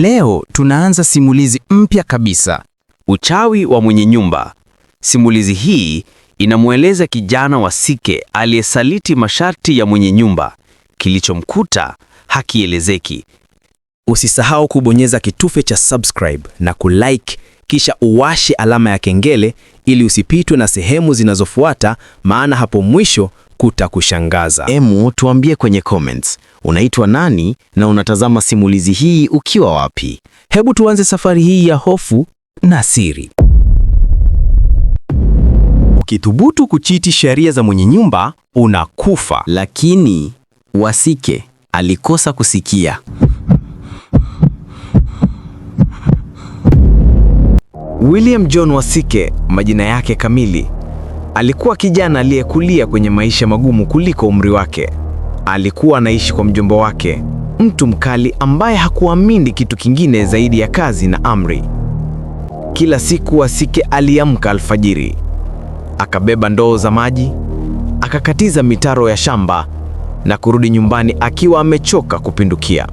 Leo tunaanza simulizi mpya kabisa, uchawi wa mwenye nyumba. Simulizi hii inamweleza kijana wa Sike aliyesaliti masharti ya mwenye nyumba. Kilichomkuta hakielezeki. Usisahau kubonyeza kitufe cha subscribe na kulike, kisha uwashe alama ya kengele ili usipitwe na sehemu zinazofuata, maana hapo mwisho kutakushangaza. Emu, tuambie kwenye comments unaitwa nani na unatazama simulizi hii ukiwa wapi? Hebu tuanze safari hii ya hofu na siri. Ukithubutu kuchiti sheria za mwenye nyumba unakufa. Lakini Wasike alikosa kusikia. William John Wasike, majina yake kamili Alikuwa kijana aliyekulia kwenye maisha magumu kuliko umri wake. Alikuwa anaishi kwa mjomba wake, mtu mkali ambaye hakuamini kitu kingine zaidi ya kazi na amri. Kila siku Asike aliamka alfajiri, akabeba ndoo za maji, akakatiza mitaro ya shamba na kurudi nyumbani akiwa amechoka kupindukia.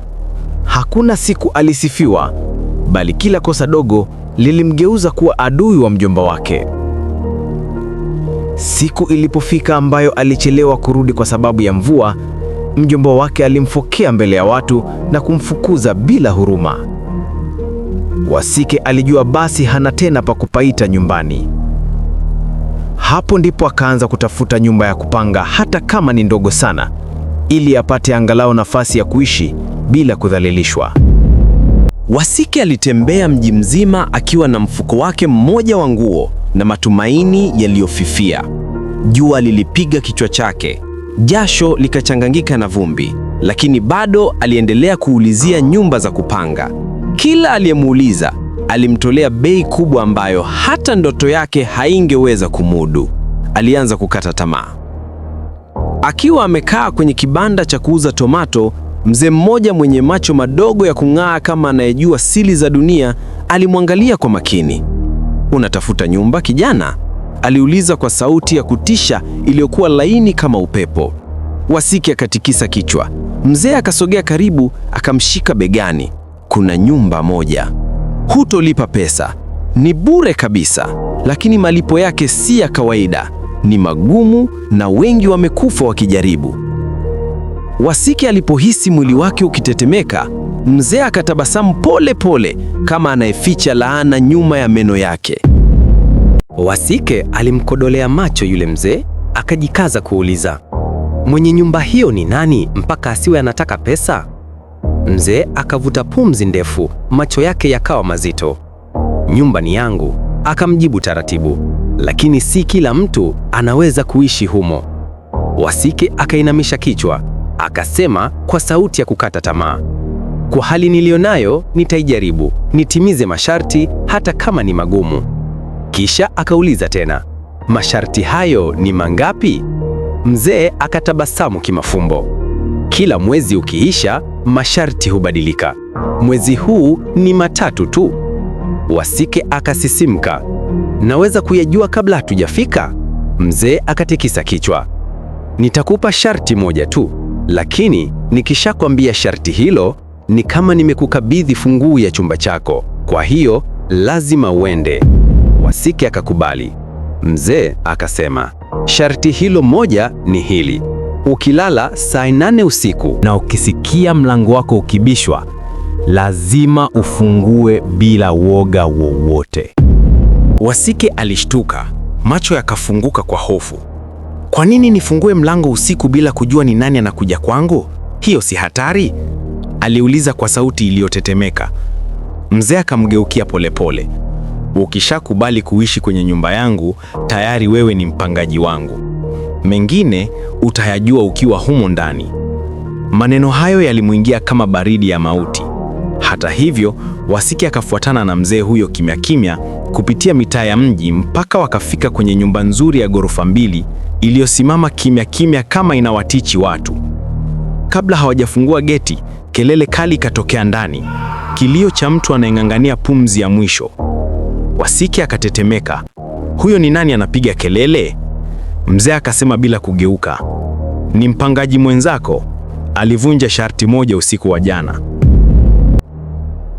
Hakuna siku alisifiwa, bali kila kosa dogo lilimgeuza kuwa adui wa mjomba wake. Siku ilipofika ambayo alichelewa kurudi kwa sababu ya mvua, mjomba wake alimfokea mbele ya watu na kumfukuza bila huruma. Wasike alijua basi hana tena pa kupaita nyumbani. Hapo ndipo akaanza kutafuta nyumba ya kupanga, hata kama ni ndogo sana, ili apate angalau nafasi ya kuishi bila kudhalilishwa. Wasike alitembea mji mzima akiwa na mfuko wake mmoja wa nguo na matumaini yaliyofifia. Jua lilipiga kichwa chake, jasho likachanganyika na vumbi, lakini bado aliendelea kuulizia nyumba za kupanga. Kila aliyemuuliza alimtolea bei kubwa ambayo hata ndoto yake haingeweza kumudu. Alianza kukata tamaa. Akiwa amekaa kwenye kibanda cha kuuza tomato, mzee mmoja mwenye macho madogo ya kung'aa kama anayejua siri za dunia alimwangalia kwa makini unatafuta nyumba kijana? aliuliza kwa sauti ya kutisha iliyokuwa laini kama upepo. Wasiki akatikisa kichwa. Mzee akasogea karibu, akamshika begani. Kuna nyumba moja, hutolipa pesa, ni bure kabisa, lakini malipo yake si ya kawaida, ni magumu na wengi wamekufa wakijaribu. Wasike alipohisi mwili wake ukitetemeka, mzee akatabasamu pole pole kama anayeficha laana nyuma ya meno yake. Wasike alimkodolea macho yule mzee, akajikaza kuuliza, mwenye nyumba hiyo ni nani mpaka asiwe anataka pesa? Mzee akavuta pumzi ndefu, macho yake yakawa mazito. Nyumba ni yangu, akamjibu taratibu, lakini si kila mtu anaweza kuishi humo. Wasike akainamisha kichwa, akasema kwa sauti ya kukata tamaa, kwa hali niliyonayo nitaijaribu, nitimize masharti hata kama ni magumu. Kisha akauliza tena, masharti hayo ni mangapi? Mzee akatabasamu kimafumbo. Kila mwezi ukiisha, masharti hubadilika. Mwezi huu ni matatu tu. Wasike akasisimka, naweza kuyajua kabla hatujafika? Mzee akatikisa kichwa, nitakupa sharti moja tu lakini nikishakwambia sharti hilo, ni kama nimekukabidhi funguo ya chumba chako, kwa hiyo lazima uende. Wasike akakubali. Mzee akasema, sharti hilo moja ni hili, ukilala saa nane usiku na ukisikia mlango wako ukibishwa, lazima ufungue bila woga wowote. Wasike alishtuka, macho yakafunguka kwa hofu. Kwa nini nifungue mlango usiku bila kujua ni nani anakuja kwangu? Hiyo si hatari? aliuliza kwa sauti iliyotetemeka. Mzee akamgeukia polepole. Ukishakubali kuishi kwenye nyumba yangu, tayari wewe ni mpangaji wangu. Mengine utayajua ukiwa humo ndani. Maneno hayo yalimwingia kama baridi ya mauti. Hata hivyo, Wasike akafuatana na mzee huyo kimya kimya kupitia mitaa ya mji mpaka wakafika kwenye nyumba nzuri ya ghorofa mbili iliyosimama kimya kimya kama inawatichi watu. Kabla hawajafungua geti, kelele kali ikatokea ndani, kilio cha mtu anayeng'ang'ania pumzi ya mwisho. Wasike akatetemeka. Huyo ni nani anapiga kelele? Mzee akasema bila kugeuka, ni mpangaji mwenzako, alivunja sharti moja usiku wa jana.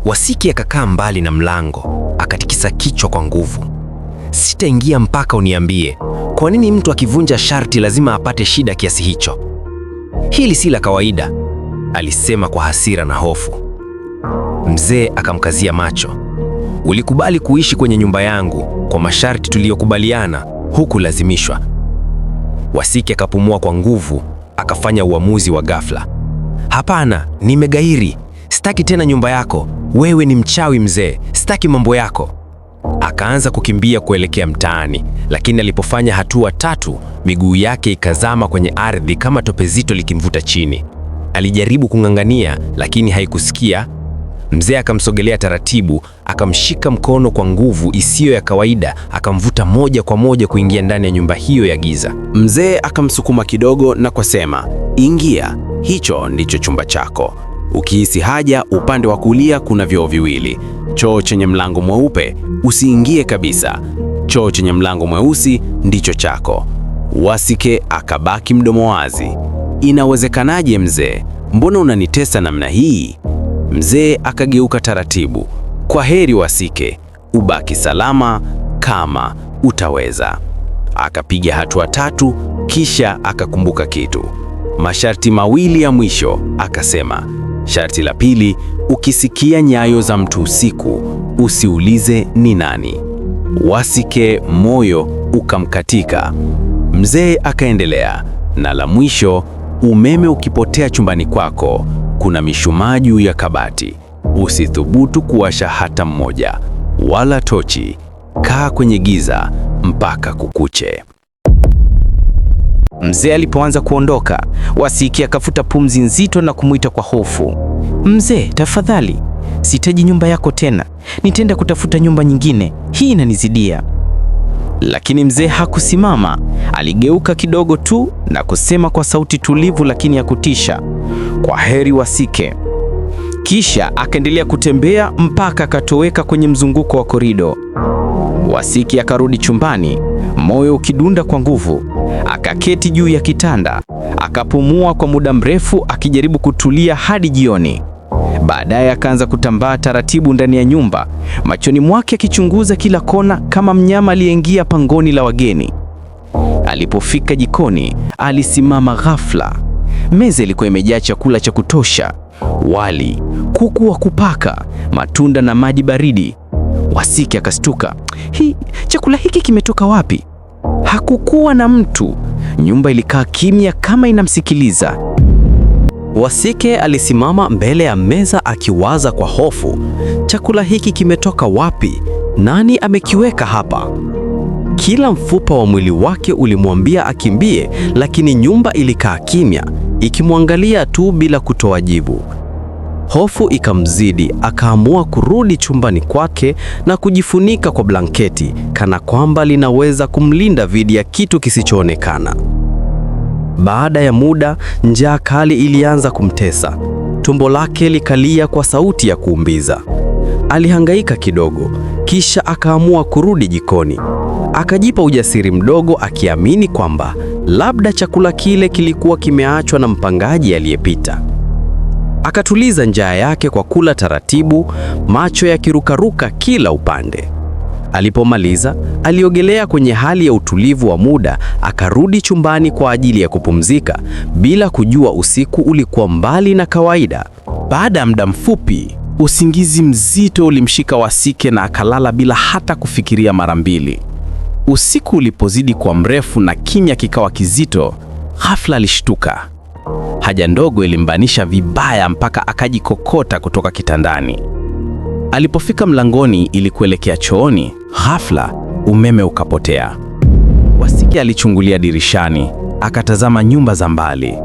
Wasiki akakaa mbali na mlango, akatikisa kichwa kwa nguvu. Sitaingia mpaka uniambie kwa nini mtu akivunja sharti lazima apate shida kiasi hicho. Hili si la kawaida, alisema kwa hasira na hofu. Mzee akamkazia macho. Ulikubali kuishi kwenye nyumba yangu kwa masharti tuliyokubaliana, hukulazimishwa. Wasiki akapumua kwa nguvu, akafanya uamuzi wa ghafla. Hapana, nimegairi. Sitaki tena nyumba yako wewe ni mchawi mzee, sitaki mambo yako. Akaanza kukimbia kuelekea mtaani, lakini alipofanya hatua tatu, miguu yake ikazama kwenye ardhi kama tope zito likimvuta chini. Alijaribu kung'ang'ania, lakini haikusikia. Mzee akamsogelea taratibu, akamshika mkono kwa nguvu isiyo ya kawaida, akamvuta moja kwa moja kuingia ndani ya nyumba hiyo ya giza. Mzee akamsukuma kidogo na kusema, ingia, hicho ndicho chumba chako. Ukihisi haja, upande wa kulia kuna vyoo viwili. Choo chenye mlango mweupe usiingie kabisa, choo chenye mlango mweusi ndicho chako. Wasike akabaki mdomo wazi. Inawezekanaje mzee? Mbona unanitesa namna hii? Mzee akageuka taratibu. Kwa heri Wasike, ubaki salama kama utaweza. Akapiga hatua tatu, kisha akakumbuka kitu masharti mawili ya mwisho akasema. Sharti la pili, ukisikia nyayo za mtu usiku, usiulize ni nani. Wasike moyo ukamkatika. Mzee akaendelea, na la mwisho, umeme ukipotea chumbani kwako, kuna mishumaa juu ya kabati, usithubutu kuwasha hata mmoja, wala tochi. Kaa kwenye giza mpaka kukuche. Mzee alipoanza kuondoka, Wasiki akafuta pumzi nzito na kumwita kwa hofu, mzee, tafadhali, sitaji nyumba yako tena, nitaenda kutafuta nyumba nyingine, hii inanizidia. Lakini mzee hakusimama, aligeuka kidogo tu na kusema kwa sauti tulivu lakini ya kutisha, kwa heri Wasike. Kisha akaendelea kutembea mpaka akatoweka kwenye mzunguko wa korido. Wasiki akarudi chumbani, moyo ukidunda kwa nguvu akaketi juu ya kitanda, akapumua kwa muda mrefu akijaribu kutulia hadi jioni. Baadaye akaanza kutambaa taratibu ndani ya nyumba, machoni mwake akichunguza kila kona kama mnyama aliyeingia pangoni la wageni. Alipofika jikoni, alisimama ghafla. Meza ilikuwa imejaa chakula cha kutosha: wali, kuku wa kupaka, matunda na maji baridi. Wasiki akastuka, hii chakula hiki kimetoka wapi? Hakukuwa na mtu, nyumba ilikaa kimya kama inamsikiliza. Wasike alisimama mbele ya meza akiwaza kwa hofu, chakula hiki kimetoka wapi? Nani amekiweka hapa? Kila mfupa wa mwili wake ulimwambia akimbie, lakini nyumba ilikaa kimya ikimwangalia tu bila kutoa jibu. Hofu ikamzidi, akaamua kurudi chumbani kwake na kujifunika kwa blanketi kana kwamba linaweza kumlinda dhidi ya kitu kisichoonekana. Baada ya muda, njaa kali ilianza kumtesa. Tumbo lake likalia kwa sauti ya kuumbiza. Alihangaika kidogo, kisha akaamua kurudi jikoni. Akajipa ujasiri mdogo, akiamini kwamba labda chakula kile kilikuwa kimeachwa na mpangaji aliyepita. Akatuliza njaa yake kwa kula taratibu, macho yakirukaruka kila upande. Alipomaliza, aliogelea kwenye hali ya utulivu wa muda, akarudi chumbani kwa ajili ya kupumzika, bila kujua usiku ulikuwa mbali na kawaida. Baada ya muda mfupi, usingizi mzito ulimshika Wasike na akalala bila hata kufikiria mara mbili. Usiku ulipozidi kwa mrefu na kimya kikawa kizito, ghafla alishtuka. Haja ndogo ilimbanisha vibaya mpaka akajikokota kutoka kitandani. Alipofika mlangoni ili kuelekea chooni, ghafla umeme ukapotea. Wasiki alichungulia dirishani, akatazama nyumba za mbali.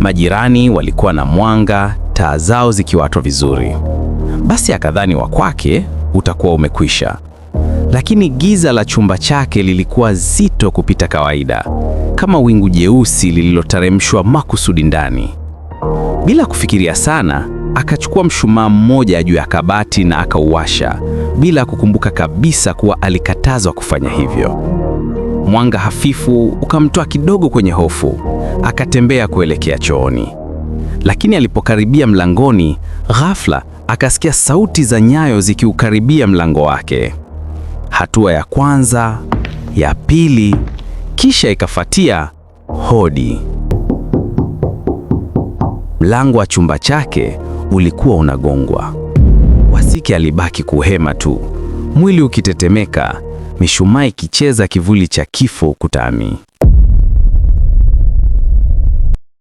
Majirani walikuwa na mwanga, taa zao zikiwatwa vizuri. Basi akadhani wa kwake utakuwa umekwisha lakini giza la chumba chake lilikuwa zito kupita kawaida, kama wingu jeusi lililotaremshwa makusudi ndani. Bila kufikiria sana, akachukua mshumaa mmoja juu ya kabati na akauwasha, bila kukumbuka kabisa kuwa alikatazwa kufanya hivyo. Mwanga hafifu ukamtoa kidogo kwenye hofu, akatembea kuelekea chooni, lakini alipokaribia mlangoni, ghafla akasikia sauti za nyayo zikiukaribia mlango wake hatua ya kwanza, ya pili, kisha ikafuatia hodi. Mlango wa chumba chake ulikuwa unagongwa. Wasiki alibaki kuhema tu, mwili ukitetemeka, mishumaa ikicheza kivuli cha kifo ukutani.